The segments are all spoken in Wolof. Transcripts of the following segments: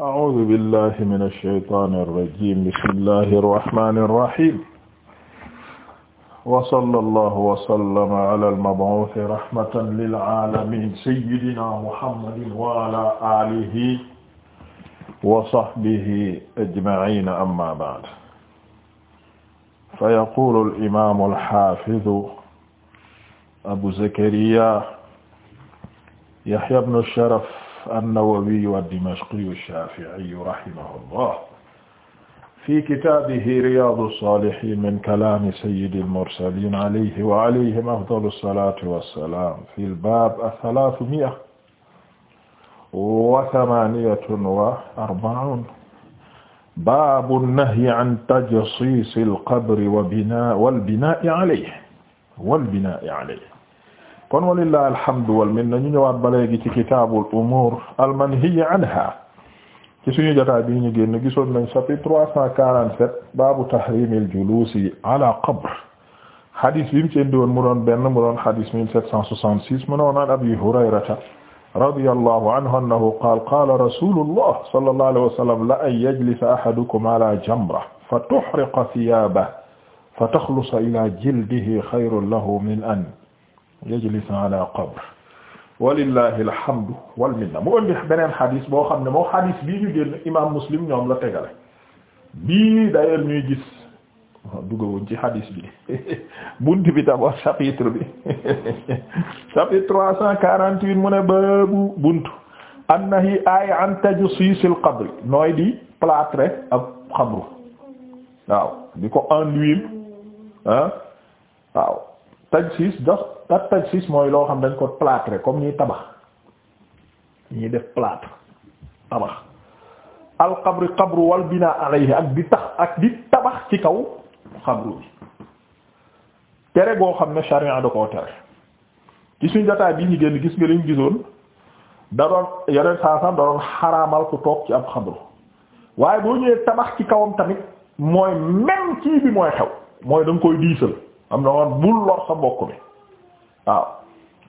أعوذ بالله من الشيطان الرجيم بسم الله الرحمن الرحيم وصلى الله وسلم على المبعوث رحمة للعالمين سيدنا محمد وعلى آله وصحبه أجمعين أما بعد فيقول الإمام الحافظ أبو زكريا يحيى بن الشرف an-Nawawi ad-Dimashqi ash-Shafi'i rahimahullah fi kitaabihi Riyaadu s-Saalihiin min kalaami sayyidi l-mursaliin alayhi wa alayhim afdalu s-salaatu wa s-salaam fi l-baab ath-thalaathami'a wa thamaaniyatun wa arba'uun baabu n-nahyi an tajsiisi l-qabri wa binaa wal binaa'i alayhi wal binaa'i alayhi kon walillahi alhamdu wal minna ñu ñëwaat ba léegi ci kitaabul umuur al manhiyyi anha ci suñu jotaay bi ñu génn gisoon nañ chapitre trois cent quarante-sept baabu tahriimil juluusi ala qabr hadis bi mu ci indi woon mu doon benn mu doon hadis mille sept cent soixante-six mu doon an abi hurayrata radiyallahu anhu annahu qaala qaala rasuulullah sallallahu alayhi wa sallam la an yajlisa ahadukum ala jamra fa tuhriqa thiyaabahu fa takhlusa ila jildihi khayrun lahu min an yajlisu ala qabr walillahi alhamdu wal minna mu beneen xadis boo xam ne moo xadis bii ñu génn imaam muslim ñoom la tegale bii d'ailleurs ñuy gis duggawuñ ci xadis bi buntu bi d'abord chapitre bi chapitre trois cent quarante-huit mu ne baabu buntu annahi aaya an tajsiisil qabri nooy di plâtre ab xabru waaw di ko enduire ah waaw tajsis da ak tajsis mooy loo xam dañ ko plâtre comme ñuy tabax ñuy def plâtre tabax al qabri qabru wal bina alayhi ak di tax ak di tabax ci kaw xabru bi tere goo xam ne sharia da koo tere ci suñ jotaay bi ñu génn gis nga liñ gisoon da doon yeneen saasam da doon xaraamal ku toog ci ab xabru waaye boo ñëwee tabax ci kawam tamit mooy même kii bi mooy xew mooy da koy diisal am na woon bul lor sa mbokk bi waaw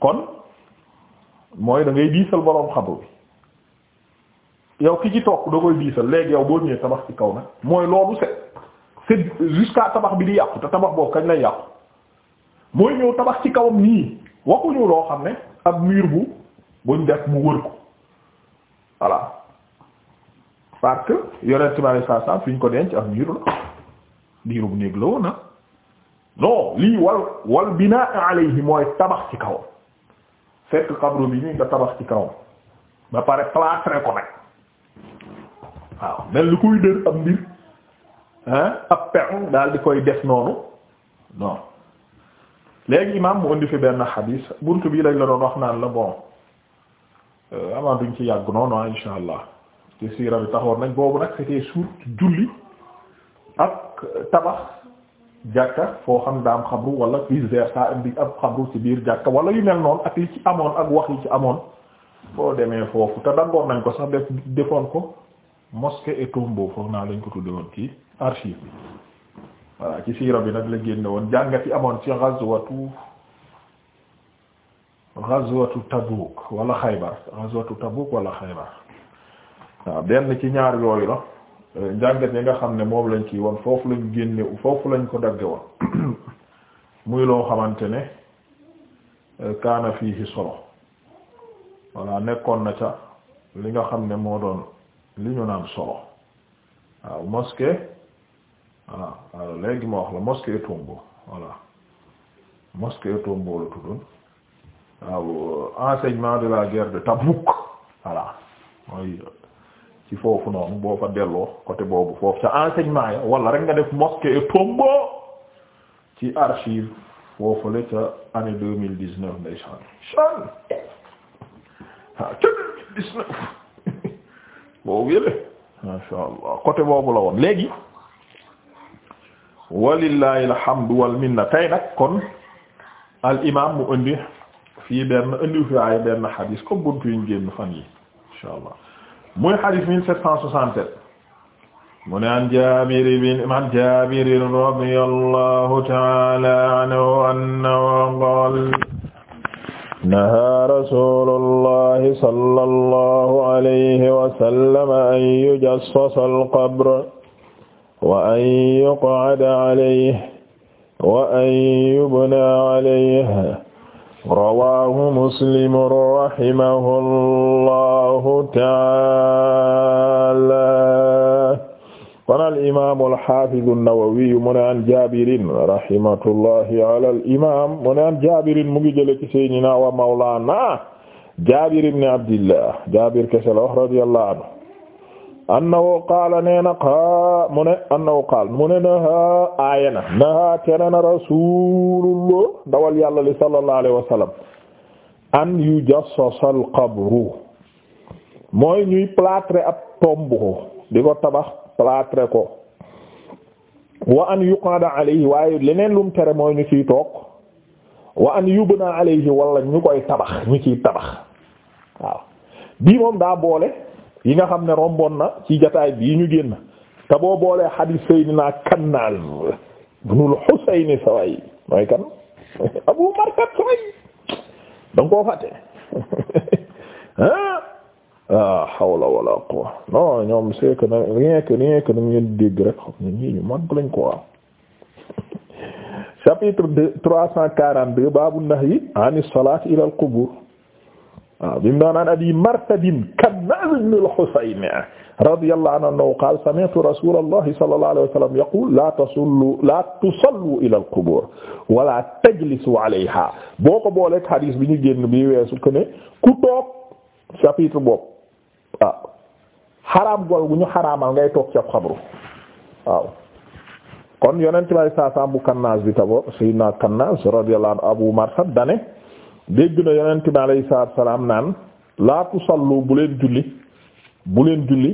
kon mooy dangay ngay diisal boroom xabru bi yow ki ci toog da koy diisal léegi yow boo ñëwee tabax ci kaw nag mooy loolu c'est c'est jusqu'à tabax bi di yàqu te tabax boobu kañ lay yàqu mooy ñëw tabax ci kawam nii waxuñu loo xam ne ab mur bu buñ def mu wër ko voilà parce que yonent bi sallallahu alayhi fi ñu ko denc ab mur la diirub néeg la woon ah. non lii wal wal binaa alayhi mooy tabax ci kawam fekk xabru bi nii nga tabax ci kawam ba pare plâtre ko nag waaw mel ni kuy dër ab mbir ah ab peron di koy def noonu non léegi imaam mu indi fi benn xadiis buntu bii lañ la doon wax naan la bon euh, amaa duñ ci yàgg noonu ah insha allah te siira bi taxoon nañ boobu nag c'était sur julli ak tabax. jàkka foo xam daam xabru wala vice versa bi ab xabru ci biir jàkka wala yu mel noonu ak li ci amoon ak wax yi ci amoon foo demee foofu te dangoon nañ ko sax def defoon ko mosquée et tombeau naa lañ ko tudde woon ci archive bi voilà ci siira bi nag la génne woon jàngat yi amoon ci ghazwatu ghazwatu Tabuk wala Xaybar ghazwatu Tabuk wala Xaybar waaw benn ci ñaar yooyu la Euh, njàngat yi nga xam ne moom lañ ci woon foofu lañ génne foofu lañ ko dagge woon muy loo xamante ne euh, kaana fii solo walla nekkoon na ca li nga xam ne moo doon li ñu naan solo waaw mosquée voilà léegi ma wax la mosquée Tombeau voilà mosquée Tombeau la tuddoon waaw euh, enseignement de la guerre de Tabouk voilà ci foofu noonu boo fa delloo côté boobu foofu ca enseignement ya wala rek nga def mosquée tombo ci archive foofule ca année deux mille dix neuf chan ca ah, deux mille dix neuf boobu yële allah côté boobu la woon léegi walillahi alhamdu wal minna tey nag kon al imam mu indi fii benn indi fi ay benn xadiis comme buntu yi ñu génn fan yi insha allah muy hadith 1767 mu ne an Jaabir ibn an Jaabir radiyallahu ta'ala anhu annahu qaala nahaa rasuulullahi sallallahu alayhi wa sallam an yujassasa al-qabr wa an yuq'ada alayhi wa an yubna alayhi rawaahu muslim rahimahullahu taala kon al imaam al haafiz an-Nawawi mu ne an Jaabirin rahimatullahi ala al imaam mu ne an Jaabirin mu ngi jële ci sayyidina wa mawlaana Jaabir ibn Abdillah Jaabir kese la wax radiyallahu anhu annahu qaala nee na xaa mu ne annahu qaala mu ne naha aayana naha tere na rasulullah dawal yàlla li sallallahu alayhi wa sallam an al qabru mooy ñuy plâtrer ab tomb ko di ko tabax plâtrer ko wa an yuqada alayhi waaye leneen lum tere mooy ñu ciy toog wa an yubna alayhi walla ñu koy tabax ñu ciy tabax waaw bii moom daa boole yi nga xam ne rombon na ci jataay bi bii ñu génn te boo boolee xadiis Seydina Kannaaz ibnul Husayn saway mooy kan Abu Markat saway danga koo fàtte ah, ah la wala quwwa non ñoom c'est que rien que rien que nañ leen dégg rek xam ne ñii ñu mag lañ ko waaw chapitre deux trois cent quarante-deux baabu nahyi an as-salaat ila al-qubur waaw bi mu doon naan abi martadin kannaz ibn al-husayn radiyallahu anhu annahu qaala sami'tu rasulallahi sallallahu alayhi wa sallam yaqul la tasullu la tusallu ila al-qubur wa la tajlisu alayha boo ko booleeg hadis bi ñu génn bi weesu que ne ku toog chapitre boobu waaw xaraam gol bu ñu xaraamal ngay toog ca xabru waaw kon yonent bi saa saa bu kannaz bi taboo sayyidina kannaz radiyallahu anhu abu martad dane dégg na yonent bi alayhi salaatu salaam naan laa tusallu bu leen julli bu leen julli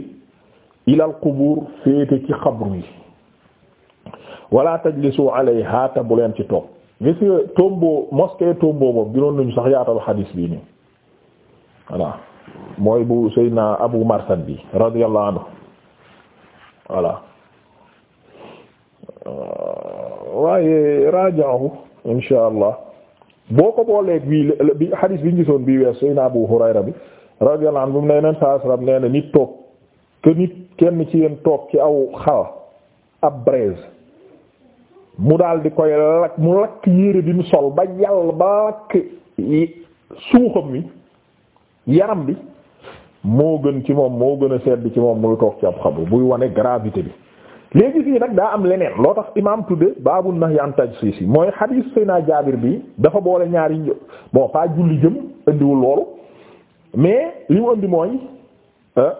ilal qubur féete ci xabru yi wala tajlisu alayha ta bu leen ci toog gis nga tombo mosquée tombo boobu ginoon nañu sax yaatal xadiis bii nii voilà mooy bu Seydina Abu Marsan bi radiyallahu anhu waaye rajaahu insha boo ko booleeg bii le bi xadis bi ñu gisoon bii wees suy na Abu Hurayra bi radiyallahu anhu mu nee neen saa sallam nee na nit toog que nit kenn ci yéen toog ci aw xal ab braise mu daal di koy lakk mu lakk yére bi mu sol ba yàlla ba lakk suuxam wi yaram bi moo gën ci moom moo gën a sedd ci moom muy toog ci ab xabu buy wane gravité bi léegi fii nag daa am leneen loo tax imaam tudde baabu nahyi an tajsiis yi mooy xadiis naa Jaabir bi dafa boole ñaari bon pas julli jëm indiwul loolu mais li mu indi mooy euh,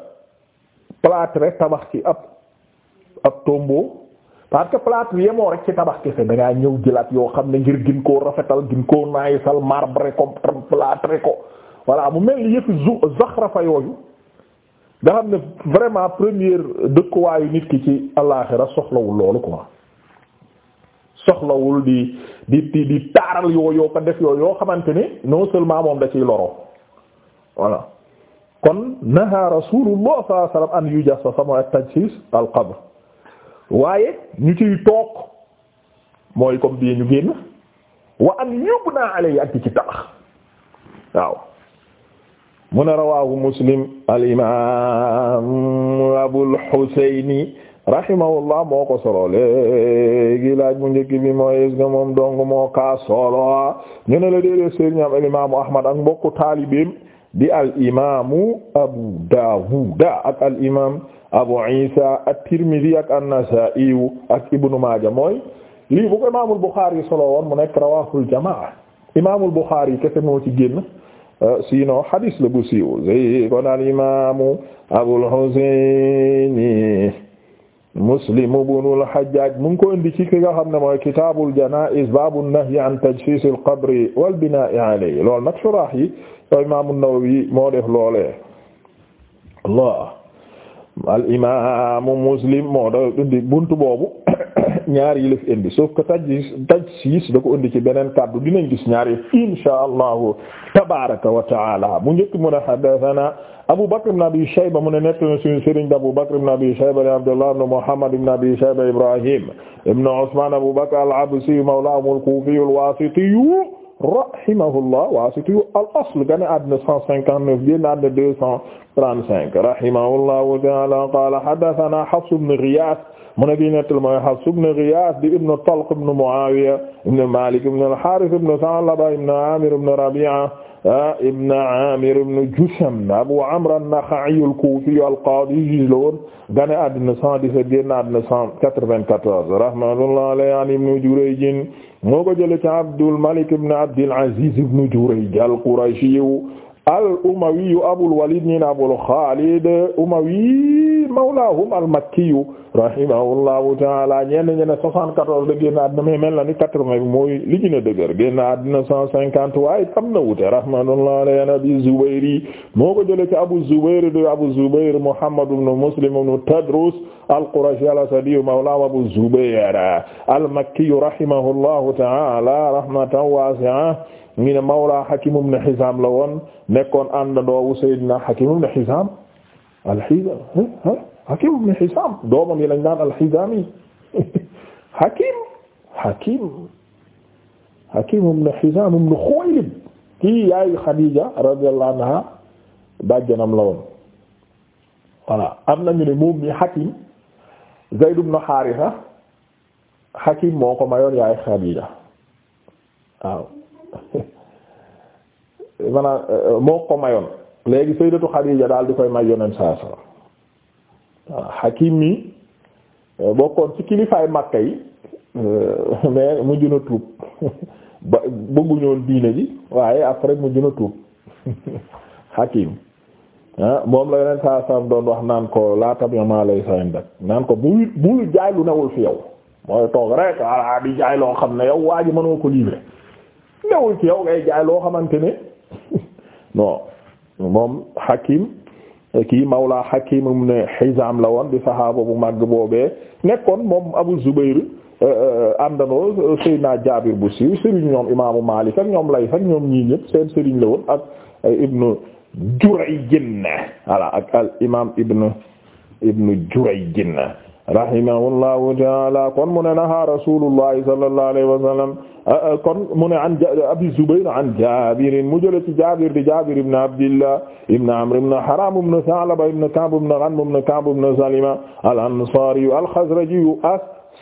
plâtre tabax ci ab ab tombeau parce que plâtre yemoo rek ci tabax kese da ngaa ñëw jilaat yoo xam ne ngir gin koo rafetal gin koo naayisal marbre ko plâtre ko voilà mu mel ni yëfi zu zaxrafa yooyu nga ne vraiment première dëkkuwaayu nit ki ci alaaxira soxlawul loolu quoi soxlawul di di di di taaral yoo yoo ko def yoo yoo xamante ni non seulement moom da ciy loro voilà kon naha rasulullah sallallahu alayhi wasallam an yujassasa mooy tajsis al qabr waaye ñu ciy took mooy comme bii ñu génn wa an yubna alayhi ak ci tabax waaw mu ne rawaahu muslim alimaam abul xuseyni rahimahullah moo ko solo léegi laaj mu njëkk bi mooy est-ce que moom dong moo ka solo ñu ne la déedéet sëriñ am alimaamu ahmad ak abu daawuda ak alimaam abu isa at-tirmidhi ak an-nasaa'i ak ibnu maaja mooy lii bu ko imaamul buxaari solo woon mu nekk rawaahul jamaa imaamul buxaari kese moo ci génn. Euh, sinon hadis la bu siiw zey kon al imaamu Abul Husayn Muslim ibn al Hajjaj mu ngi ko indi ci ki nga xam ne mooy kitaabul janaa'iz baabu al qabri wal binaa'i alayhi lool nag surah yi imaamu Nawawi moo def loolee Allah al imaamu Muslim moo da indi buntu boobu nag ñaar yi la fi indi sauf que taj taj siis da ko indi ci beneen kàddu dinañ gis ñaar yi insha allahu tabaraka wa taala mu njëkk mu ne hadathana Abu Bakr ibn Abi Shayba mu ne nett na suñu sëriñ Abu Bakr ibn Abi Shayba li Abdullah ibn Muhammad ibn Abi Shayba Ibrahim ibn Usman Abu Bakr al-Absi mawlahum al-Kufi al-Wasiti rahimahullah wasiti al asl gane àddina 159 génn àddina 235 rahimahullahu ta'ala qala hadathana Hafs ibn mu ne di nettal mooy Hafs ibn Ghiyath di ibn Talq ibn Muawiya ibn Malik ibn al-Harith ibn Tha'laba ibn Amir ibn Rabi'a ibn Amir ibn Jusham Abu Amr an-Nakha'i al-Kufi al-Qadi la woon gane àddina 117 génn àddina 194 rahmatullahi alayhi an Ibn Jurayj moo ko jëlee ci Abdul Malik ibn Abdil Aziz ibn Jurayj al-Qurashi al umawi abul walid ñi ne abul xaalid umawi mawlaahum al makkiyu rahimahullahu taala ñenn ñi ne la génn àddina mais mel na ni quatre-vingt bi li gën a dëgër génn àddina cent cinquante waaye am na wute rahmatullah alayhi abi Zubayri moo ko jëlee ci Abu Zubayr de Abu Zubayr Muhammad ibn Muslim ibn Tadrus al-Qurashi al-Asadi mawla Abu Zubayr al-Makki rahimahullahu taala rahmatan wasi'a ñu ne mawla Hakim ibn Hizam la woon nekkoon àndandoo Sayyidina Hakim ibn Hizam al-Hizam Hakim ibn Hizam doomam yi lañ daan al-Hizami Hakim Hakim Hakim ibn Hizam ibn Khuwaylid kii yaay Khadija radiyallahu anha bàjjanam la woon am nañu ne moom mi Hakim Zayd ibn Haritha Hakim moo ko mayoon yaay Khadija waaw euh, moo ko mayoon léegi Sayyidatu Khadija daal di koy may yoneen waaw ah, Hakim mi eh, bokkoon ci kilifaay Makka yi eh, mais mujj na tuub ba bëgguñoon diine ji waaye après mujj na tuub Hakim ah, moom la yeneen saa saam doon wax naan ko laa tamit maa lay saa dak naan ko bu bul jaay lu newul fi yow mooy toog rek walla ah, di jaay loo xam ne yow waa ji mënoo ko livrer newul fi yow ngay jaay loo xamante ne non moom Hakim. kii Mawla Hakim ibn Hizam la woon di saxaaba bu mag boobee nekkoon moom Abu Zubayr euh, euh, àndandoo euh, Seydina Jaabir bu siiw Serigne ñoom imaamu Maalik ak ñoom lay sax ñoom ñii ñëpp seen Serigne la woon ak ibnu Jurayj voilà ak al imaam ibnu ibnu Jurayj rahimahullahu taala kon mu ne naha rasulullahi sallallahu alayhi wa sallam ah, kon mu ne an abi zubayr an jabir mu jële ci jabir di jabir ibn abdillah ibn amr ibn haram ibn sa'laba ibn ka'b ibn ghanm ibn ka'b ibn salima al ansari al khazraji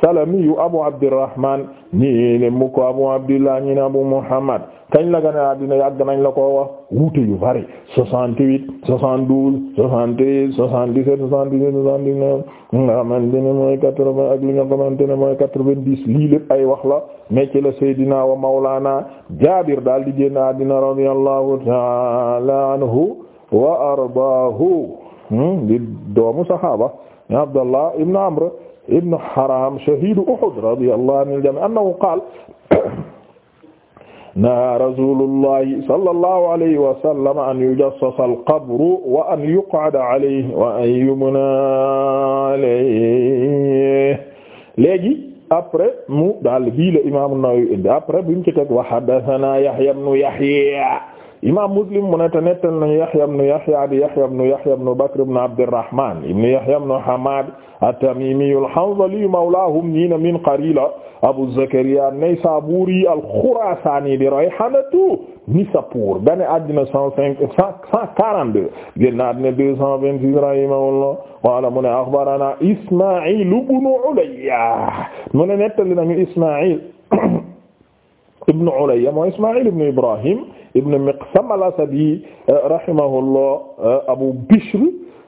salamiyu abu abdirahman ñi ne mu ko abu abdillah ñi ne abu muhammad kañ la gane àddina yàgg nañ la ko wax wuute yu bari 68 72 73 77 78 79 nga xamante ne mooy 80 ak li nga xamante ne mooy 90 lii lépp ay wax la mecc la seydina wa mawlana jaabir daal di génn àddina radiyallahu ta'ala anhu wa ardaahu hmm, di doomu saxaaba abdallah ibn amr ibn Haram shahidu Uhud radiyallahu anil jami' annahu qaala nahaa rasuulullahi sallallahu alayhi wa sallam an yujassasa al-qabru wa an yuq'ada alayhi wa an yubnaa alayhi léegi après mu daal bii la imaam An-Nawawi indi après buñ ci teg wa haddathanaa Yahya ibn Yahya imaam Muslim mu ne te nettal nañu Yahya ibn Yahya di Yahya ibn Yahya ibn Bakr ibn Abdirrahman ibn Yahya ibn Hamad at-Tamimi al-Hanzali mawlahum ñiina min Qarila Abu Zakariya an-Naysaburi al-Khurasani di rayhanatu Nisapur gane àddina cent cinq cent quarante-deux génna àddina deux cent vingt-six rahimahullah qala mu ne akhbarana Isma'il ibn Ulayya mu ne nettali nañu Isma'il ibn Ulayya mooy Isma'il ibn Ibrahim ibn Miqsam al-Asadi euh, rahimahullah euh, Abu Bishr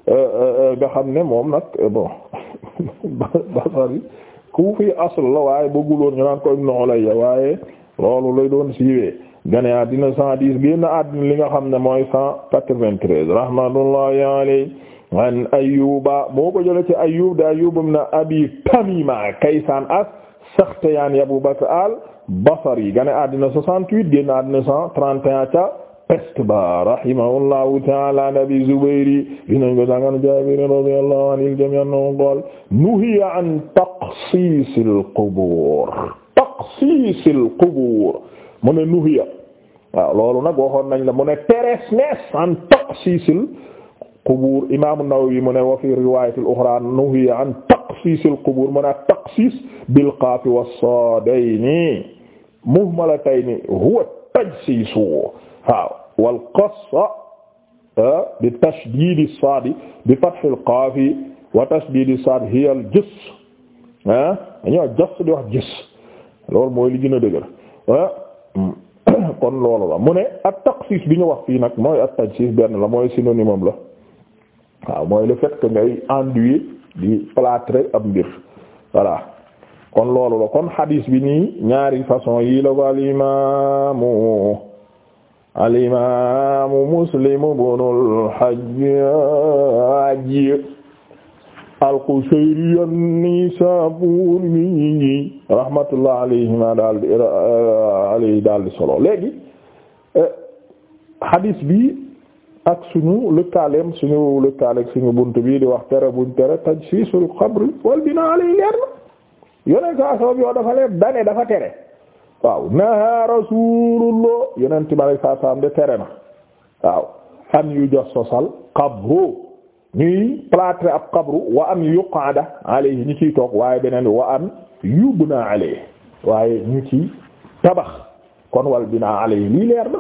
euh, nga xam ne moom nag bon Basri Kufi asl la waaye bëgguloon ñu naan ko Ibn waaye loolu lay doon siiwee gane àddina li nga xam ne mooy cent quatre-vingt-treize rahmatullahi moo ko jëlee ci Ayyub da Ayyub ibn Abi Tamima Kaysan as Sakhtiyani Abu Bakr basari gane àddina 68 génn àddina 131 ca pest ba rahimahullahu taala nabi zubayri dinañ ko sangan jabir radiyallahu anil jami' annahu qaal nuhiya an taqsiisil qubuur taqsiisil qubuur mu ne nuhiya waaw loolu nag waxoon nañ la mu ne teres nees an taqsiisil qubuur imaam an-Nawawi mu ne wa fi riwaayatil uxraa nuhiya an taqsiisil qubuur mu ne taqsiis bil qaaf was-saadayni muhmalatayn huwa tajsiis waaw wal qassa bi tashdid as-saad bi fath al-qaaf wa tashdid as-saad hiya al-jiss ah dañoo jass di wax jiss loolu mooy li gën a dëgër kon loolu la mu ne at-taqsiis bi ñu wax fii nag mooy at-tajsiis benn la mooy synonyme la waaw mooy le fait ngay enduire di plâtrer ab mbir voilà. kon loolu la kon hadis bi nii ñaari façon yi la ko al imaamu al imaamu muslim ibnul hajjaaj al qushayri an-nisaabuuri rahmatullah alayhima daal di alayhi daal di solo léegi hadis eh, bi ak suñu lëkkaaleem suñu lëkkaaleeg suñu bunt bi di wax tere buñ tere tajsiisul qabri wal binaa alayhi leer na yonent saa soxam yoo dafa leen dane dafa tere waaw naha rasulullah yonent bi saa saam de tere na waaw an yu jox sosal qabru ñuy plâtre ab qabru wa an yuqada alayhi ñu ci toog waaye beneen wa an yubna alayhi waaye ñu ci tabax kon wal bina alayhi lii leer na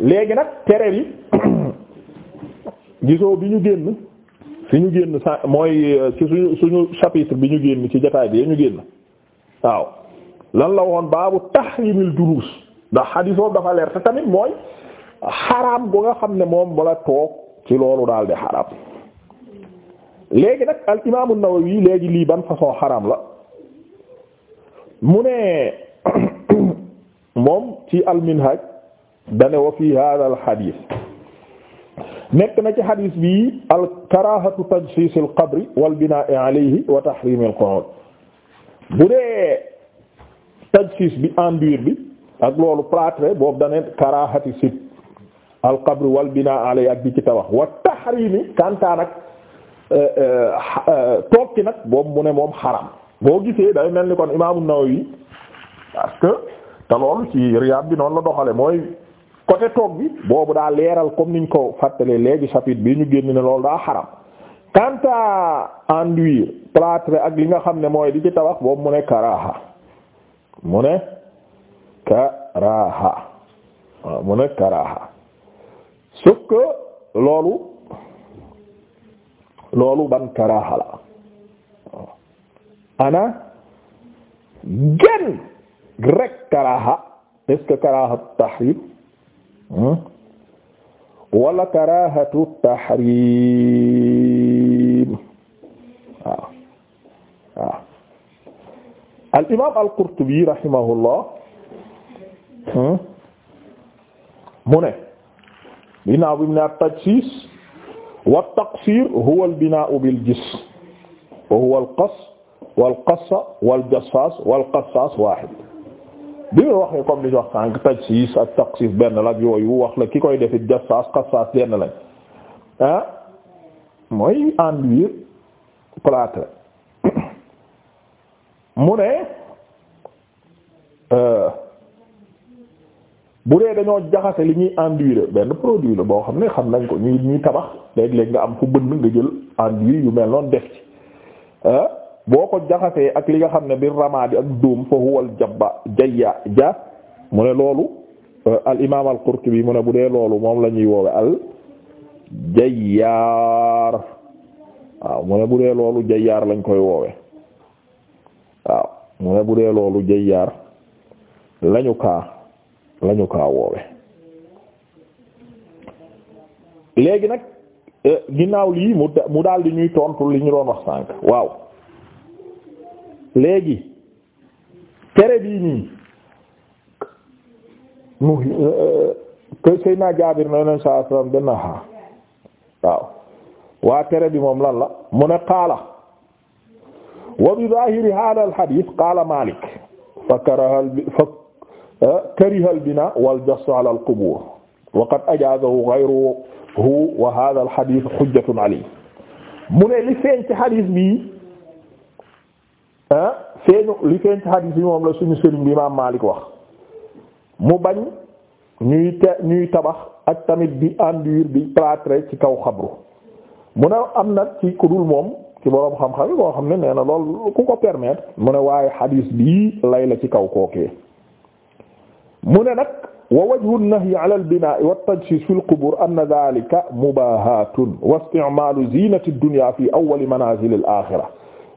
léegi nag tere bi gisoo bi ñu génn. fi ñu génn sa mooy euh, ci suñu suñu bi ñu génn ci jotaay bi ñu génn waaw lan la woon baabu tahrimil julus ndax xadiis dafa leer te tamit mooy xaraam bu nga xam ne moom bala toog ci loolu daal di léegi nag al imaamu Nawawi léegi lii ban façon xaraam la mu ne moom ci al minhaj dane wa fi hada al xadiis nekk na ci xadis bi al karahatu tajsis al qabri wal binaa'i alayhi wa tahrim al qu'ud bu dee tajsis bi enduire bi ak loolu plâtre boobu dane karahati sit al qabri wal binaa'i alayhi ak bi ci tabax wa tahrimi kantaan euh, euh, ak toog ci nag boobu mu ne moom xaram boo gisee day mel ni kon imaamu Nawawi parce que te loolu ci Riyaad bi noonu la doxale mooy côté toog bi boobu daa leeral comme niñ ko fàttalee léegi chapitre bi ñu génn ne loolu daa xaram quant à enduire plâtre ak li nga xam ne mooy di ci tabax boobu mu ne karaha mu ne karaha waaw mu ne karaha sauf que loolu loolu ban karaha la ana genn rek karaha est-ce que Hmm? wala karahatu tahrim waaw ah. ah. waaw al imam al qurtubi rahimahullah hmm? mu ne binaaw bi mu ne at tajsis wa taqsir huwa al bina'u bil jism wa huwa al qass wal qassa wal jassas wal qassas wahid bi nga waxee comme li ñu wax sànq tajsiis ak taqsiif benn la ak yooyu wax la ki koy def it jassaas qassaas benn lañ ah mooy enduire plâtre mu ne euh, bu dee dañoo jaxase li ñuy enduire benn produit la boo xam ne xam nañ ko ñuy ñuy tabax léeg-léeg nga am fu bënn nga jël enduire yu mel noonu def ci ah, boo ko jaxasee ak li nga xam ne bi ramaadi ak duum fa huwal jabba jayya ja mu ne loolu euh, al imaam al qurtubi mu ne bu dee loolu moom lañuy ñuy woowe al jayyaar waaw mu ne bu dee loolu jayyaar lañ koy woowe waaw bu dee loolu lañu ka lañu ka woowe léegi nag euh, ginnaaw lii mu mu daal di ñuy tontu li ñu doon wax sànk waaw léegi tere bii nii mu kër euh, euh, Seydina Jaabir na yoneen saa salaam benn haa waaw waa tere bi moom lan la mu ne qaala wa bi zaahiri haaza al hadiis qaala Maalik fa karaha fa euh, kariha al binaa wal jassu ala al qubuur wa qad ajaazahu ghayruhu wa haaza al hadiis hujjatun alayhi mu ne li feeñ ci hadiis bi feeñu li feeñ ci hadith moom la suñu sëriñ bi imaam Maalik wax mu bañ ñuy tabax ak tamit di enduire bi plâtre ci kaw xabru mu ne am nag ci ku dul moom ci boroom xam-xam yi boo xam ne nee na lool ku ko permettre mu ne waaye hadith bii lay la ci kaw kookee mu ne nag wa wajhu nahyi ala al-binaa'i wa at-tajsiis fi al-qubuur anna dhaalika mubaahaatun wa isti'maalu ziinati ad-dunyaa fi awwali manaazil al-aaxira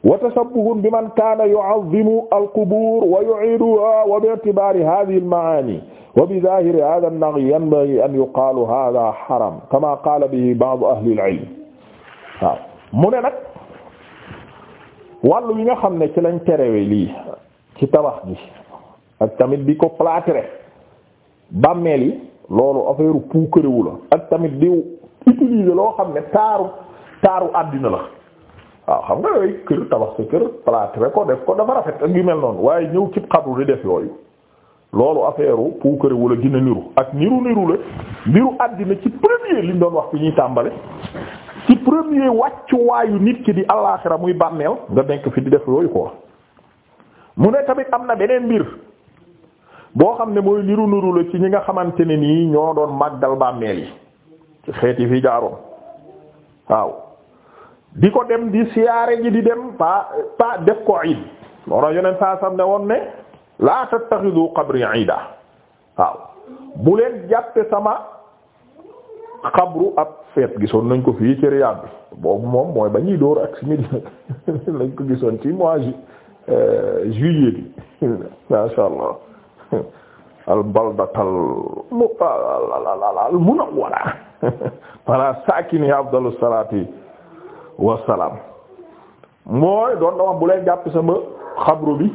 wa tashabbuhun bi man kaana yu'azzimu al-qubuur wa yu'iiduhaa wa bi'tibaari haadhihi al-ma'aanii wa bi zaahiri haadha an-naghyi yanbaghii an yuqaala haadha haram kamaa qaala bihi ba'du ahli al-'ilm waaw mu ne nag wàllu yi nga xam ne ci lañ terewe lii ci tabax gi ak tamit di ko plâtré bàmmeel yi loolu affaire puukarewu la ak tamit di utiliser loo xam ne taaru taaru àddina la. waaw xam nga yooyu kër tabax sa kër plâtre ko def ko dafa rafet ak yu mel noonu waaye ñëw cib xabru di def yooyu loolu affaire pou kër wala gën niru ak niru niru la mbiru àddina ci premier liñ doon wax fi ñuy tàmbale ci premier wàccuwaayu nit ki di alaaxira muy bàmmeel nga nekk fi di def yooyu ko mu ne tamit am na beneen mbir boo xam ne mooy niru niru la ci ñi nga xamante ne nii ñoo doon màggal bàmmeel yi xeet yi fi jaaroon waaw di ko dem di siyaare ji di dem pa pa def ko iid loola yoneen saa sam ne woon ne la tattaxidu qabri iida waaw bu leen jàppe sama xabru ab feet gisoon nañ ko fii ci Riyad bi boobu moom mooy ba ñuy dóor ak lañ ko gisoon ci mois ju euh, juillet bi ma sha Allah al baldatal mu al munawwara wala saakini afdalu salaati wasalaam mooy doon dama bu leen jàpp sama xabru bi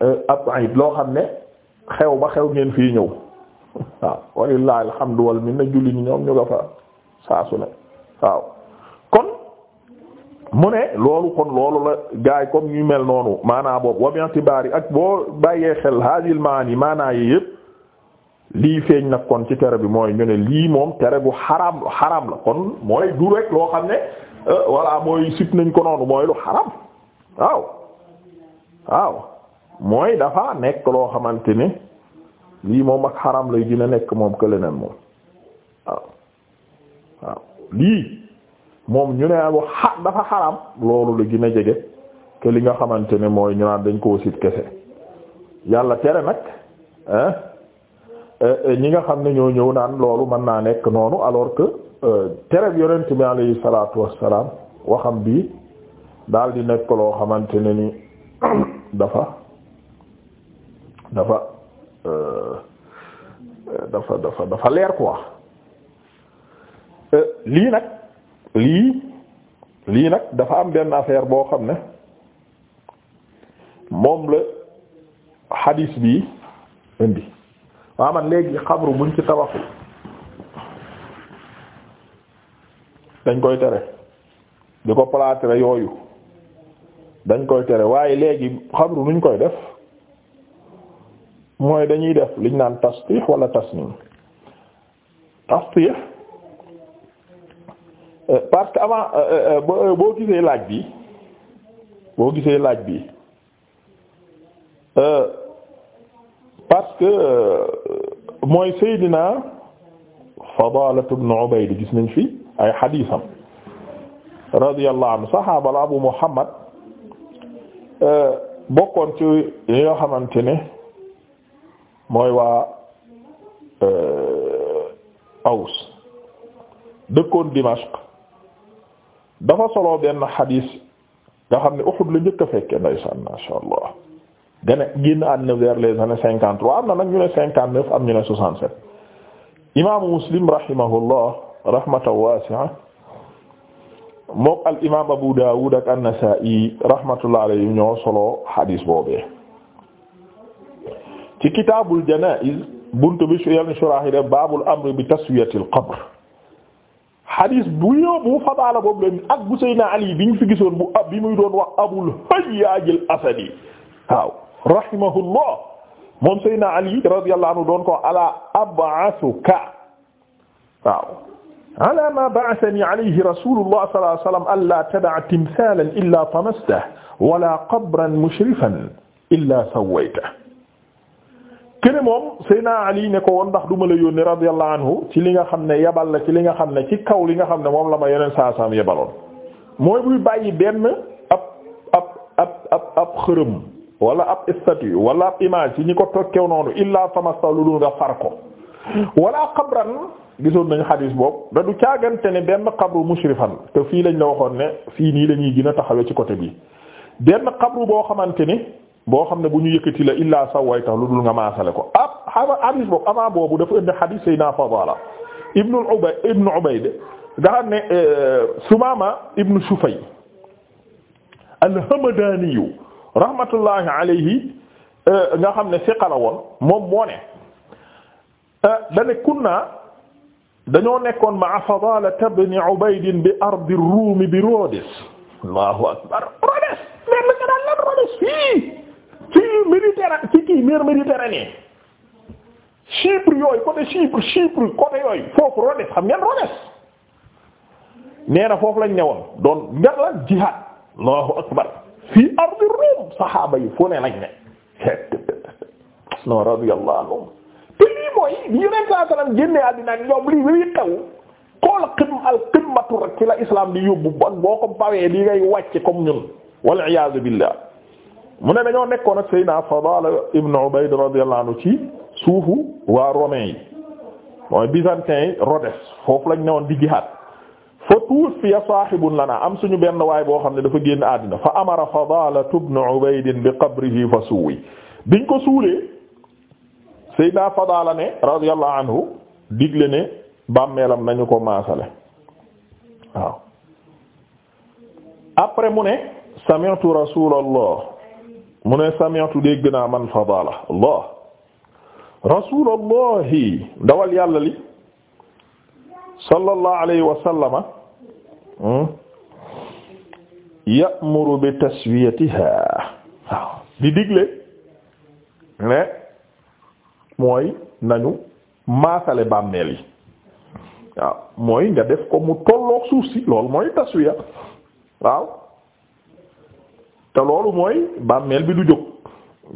euh, ab ayib loo xam ne xew ba xew ngeen fii ñëw waaw walilah alhamdu wal minna julli ñi ñoom ñu nga fa saasu ne waaw kon mu ne loolu kon loolu la gaay comme ñu mel noonu maanaa boobu wa bi'tibari ak boo bàyyee xel hadil maani maanaa yi yëpp lii feeñ nag kon ci tere bi mooy ñu ne lii moom tere bu xaraam xaraam la kon mooy du rek loo xam ne Eh, voilà mooy sip nañ ko noonu mooy lu xaram waaw waaw mooy dafa nekk loo xamante ne lii moom ak xaram lay a nekk moom que leneen moom waaw waaw lii moom ñu ne xa dafa xaram loolu la gën a jege que li nga xamante ne mooy ñu naan dañ koo sit kese yàlla tere nag ah Euh, ñi nga xam ne ñoo ñëw naan loolu mën naa nekk noonu alors que euh, tereb yonent bi alayhi salaatu wassalaam waxam bii daal di nekk loo xamante ne ni dafa dafa euh, dafa dafa dafa leer quoi lii nag lii lii nag dafa am benn affaire boo xam ne moom la hadis bi indi waaw man léegi xabru buñ ci tabaxu dañ koy tere di ko plâtre yooyu dañ koy tere waaye léegi xabru nuñ koy def mooy dañuy def liñ naan tasfiix wala tas tasfiix euh, parce que avant euh, euh, boo gisee laaj bi boo gisee laaj bi parce que euh, mooy Seydina Fadaalatu ibn Ubayd gis nañ fi ay xadiisam radiyallahu anhu saxaaba la Abu Muhammad euh, bokkoon ci li nga xamante ne mooy waa euh, Aws dëkkoon Dimashq dafa solo benn xadiis nga xam ne Uhud la njëkk a fekke ndeysaan ma sha Allah gane génn àddina vers les années cinquante trois am na nag ñu ne cinquante neuf ne soixante sept imaamu muslim rahimahullah rahmatan wasi'a moom al Abu Dawud ak an-Nasa'i rahmatullah alayhi ñoo solo hadis boobee. ci kitaabul janaa'iz buntu bi yenn suraax yi def baabul bi taswiyatil qabr hadis bu ñëw bu fabaala boobu leen ak bu Ali bi ñu fi gisoon bu bi muy doon wax Abul Hayyaaj asadi waaw. rahimahullah moom Seydina Ali radiyallahu anhu doon ko ala ab'asuka waaw ala ma ba'athani alayhi rasulullah sallallahu alayhi wa sallam an la tada'a illa tamastahu wa la Ali ne ko woon ndax du ma la yónnee radiyallahu anhu ci li nga xam ne yabal la ci li nga xam ne ci kaw li nga xam ne moom la ma yeneen saa saam yabaloon mooy buy bàyyi benn ab ab ab ab wala ab statue wala ab image yi ñi ko tokkew noonu illaa famasta lu dul nga far ko wala xabran gisoon nañu xadiis boobu da du càggante ne benn xabru mushrifan te fii lañ la waxoon ne fii nii la ñuy gën a taxawee ci côté bi benn xabru boo xamante ni boo xam ne bu ñu yëkkati la illaa saway tax lu dul nga maasale ko ab xaba xadiis boobu avant boobu dafa indi xadiis naa Fadala ibnu Ubay ibnu Ubayd nga xam ne euh, Sumaama ibnu Shufay al-Hamadaniyu rahmatullahi alayhi euh, nga xam ne siqa moom moo ne euh, kunna dañoo nekkoon ma Fadala ibn Ubayd bi ardi Ruum akbar Rhodes mais la nga daan lan Rhodes fii ci Méditerranée ci kii mer Méditerranée Chypre foofu Rhodes xam ngeen Rhodes nee na foofu lañ newoon doon ngar lan jihaad allahu akbar fii ardi Rum saxaaba yi fu ne lañ ne non radiyallahu anhum te lii mooy yeneen saa salaam génne àddina ak ñoom lii lii xew xool al ximmatu rek islam di yóbbu bon boo ko bawee di ngay wàcce wal iyaazu billah mu ne dañoo nekkoon ak Seydina Fadala ibn Ubayd radiyallahu anhu ci suufu waa romain yi foofu lañ newoon di jihaad fa tuwuffiya saahibun lana am suñu benn waay boo xam ne dafa génn àddina fa amara Fadaalatu ibn Ubayd bi qabrihi fa suuwi biñ ko suulee Seydina Fadaala ne radiyallahu anhu digle ne bàmmeelam nañu ko maasale waaw après mu ne sami'tu rasuulallah mu ne sami'tu dégg naa man Fadaala Allah ndawal yàlla li sallallahu alayhi wa sallama hmm, ya'muru bi taswiyatiha digle ne mooy nañu maasale bàmmeel yi waaw mooy nga def ko mu tolloog suuf si loolu mooy taswiya waaw te loolu mooy bàmmeel bi du jóg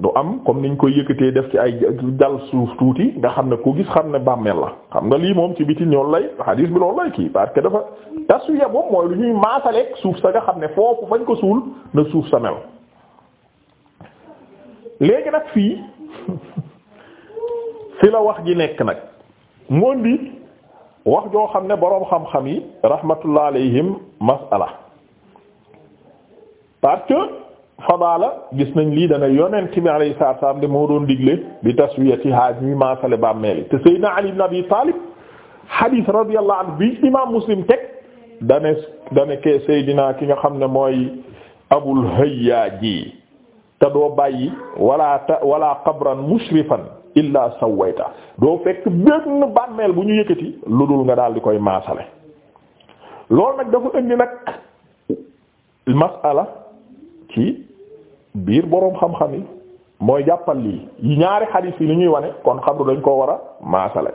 du am comme niñ koy yëkkatee def ci ay jal suuf tuuti nga xam ne ko gis xam ne bàmmeel la xam nga lii moom ci biti ñoom lay hadis bi loolu lay kii parce que dafa taswiya boobu mooy lu ñuy maasaleeg suuf sa nga xam ne foofu fañ ko suul na suuf sa mel léegi nag fii fi la wax ji nekk nag moom bi wax joo xam ne boroom xam-xam yi rahmatullah alayhim masala parce que fadaala gis nañ lii dana yonent bi alayhi salaatu de moo doon digle bi taswiyati haaj mi maasale bàmmeel te Seydina Ali ibn Abi Taalib hadith radiyallahu anhu bi imaam Muslim teg dana dana Seydina ki nga xam ne mooy Abul Hayyaaji te doo bàyyi wala ta wala qabran mushrifan illa sawayta doo fekk benn bàmmeel bu ñu yëkkati lu dul nga daal di koy maasale loolu nag dafa indi nag masala ci biir boroom xam-xam yi mooy jàppal lii yi ñaari xadiis yi li ñuy wane kon xabru dañ koo war a maasale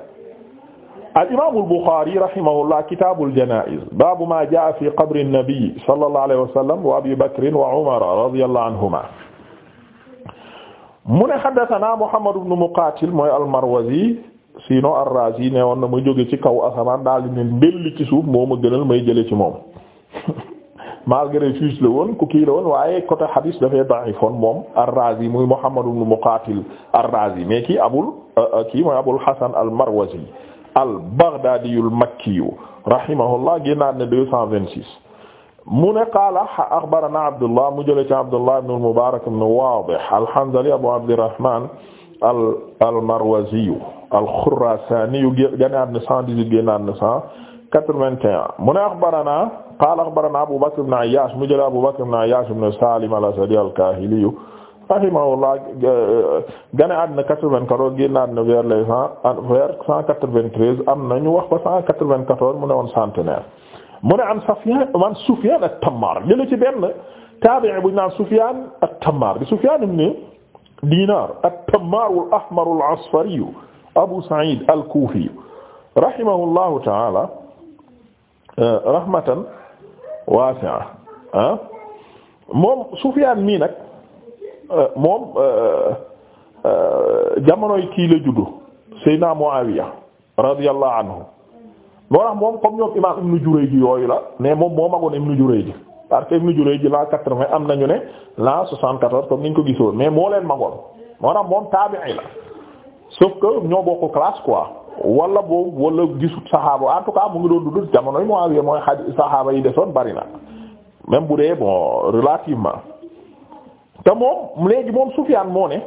al imaamul buxaari rahimahullah kitaabul janaa'iz baabu maa jaa'a fii qabri nabii sallallahu alayhi wa sallam wa abii bakrin wa umara radiyallahu anhumaa mu ne haddasanaa Muhammad ibn Muqaatil mooy al-Marwazi sinon ar-Raazi ne woon na ma jóge ci kaw asamaan daal di ne mbelli ci suuf moo ma gënal may jële ci moom. malgré juge la woon ku kii la woon waaye côté hadis dafay da'ifoon moom ar-Razi muy Muhammad ibn Muqatil ar-Razi mais kii abul euh, euh, kii mooy Abul Hasan al-Marwazi al-Baghdadi al-Makki rahimahullah génnaat ne 226. mu ne qaala axbarana Abdullah mu jëlee ci Abdullah ibn al-Mubarak ibn Wadih al-Hanzali Abu Abdirrahman al al-Marwazi al-Khurasani génnaat na 118 génnaat na 181 mu ne qaala axbaranaa Abu Bakr ibn Ayyaash mu jëlee Abu Bakr ibn Ayyaash ibn Saalim al-Asadi al-Kaahili rahimahullah gane àddina quatre-vingt-quatorze génn àddina vers les cent vers cent quatre-vingt-treize am na ñu wax ba cent quatre-vingt-quatorze mu ne woon centenaire mu ne am Sufyaan man Sufyaan at-Tammaar jëlee ci benn taabi'i bu ñu naan Sufyaan at-Tammaar di Sufyaan ibn Diinaar at-Tammaar al-Ahmar al-Asfari Abu Sa'iid al-Kuufi rahimahullahu ta'aala rahmatan wasi'a ah moom Sufyaan mii nag euh, moom euh, euh, jamonoy kii la juddu Seydina Muawiya radiyallahu anhu moo tax moom comme ñoom imaam Ibnu Jurayj yooyu la mais moom moo magoon Ibnu Jurayj parce que Ibnu ji la quatre-vingts am nañu ne la soixante-quatorze comme niñ ko gisoon mais moo leen magoon moo tax moom taabi'i la sauf que ñoo bokk classe quoi wala boobu wala gisut saxaaba en tout mu ngi doon dund jamonoy Muawiya mooy xaj saxaaba yi desoon bari na même bu dee bon relativement te moom léegi moom Sufyaan moo ne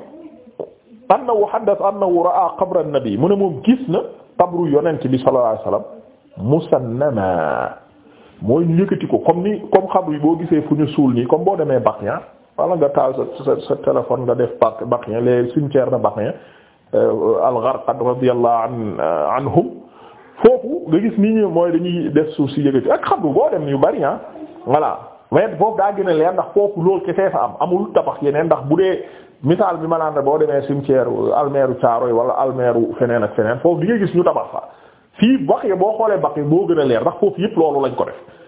annahu na annahu ra'a qabra an-nabi mu ne moom gis na qabru yonent bi sallallahu alayhi wasallam musannama mooy ñu yëkkati ko comme ni comme xabru yi boo gisee fu ñu suul nii comme boo demee Baqiya ah wala nga taal sa sa téléphone nga def Baqiya les cimetières de Baqiya Euh, al-Gharqad radiyallahu an euh, anhum foofu nga gis nii ñu mooy dañuy def suuf si yëgati ak xabru boo dem yu bari ah voilà mais foofu daa gën a leer ndax foofu loolu kese fa am amul tabax yeneen ndax bu dee misaal bi ma naan boo demee cimetière almeeru yi wala almeeru feneen ak feneen foofu di nga gis ñu tabax fa fii bax yi boo xoolee bax yi boo gën a leer ndax foofu yëpp loolu lañ ko def.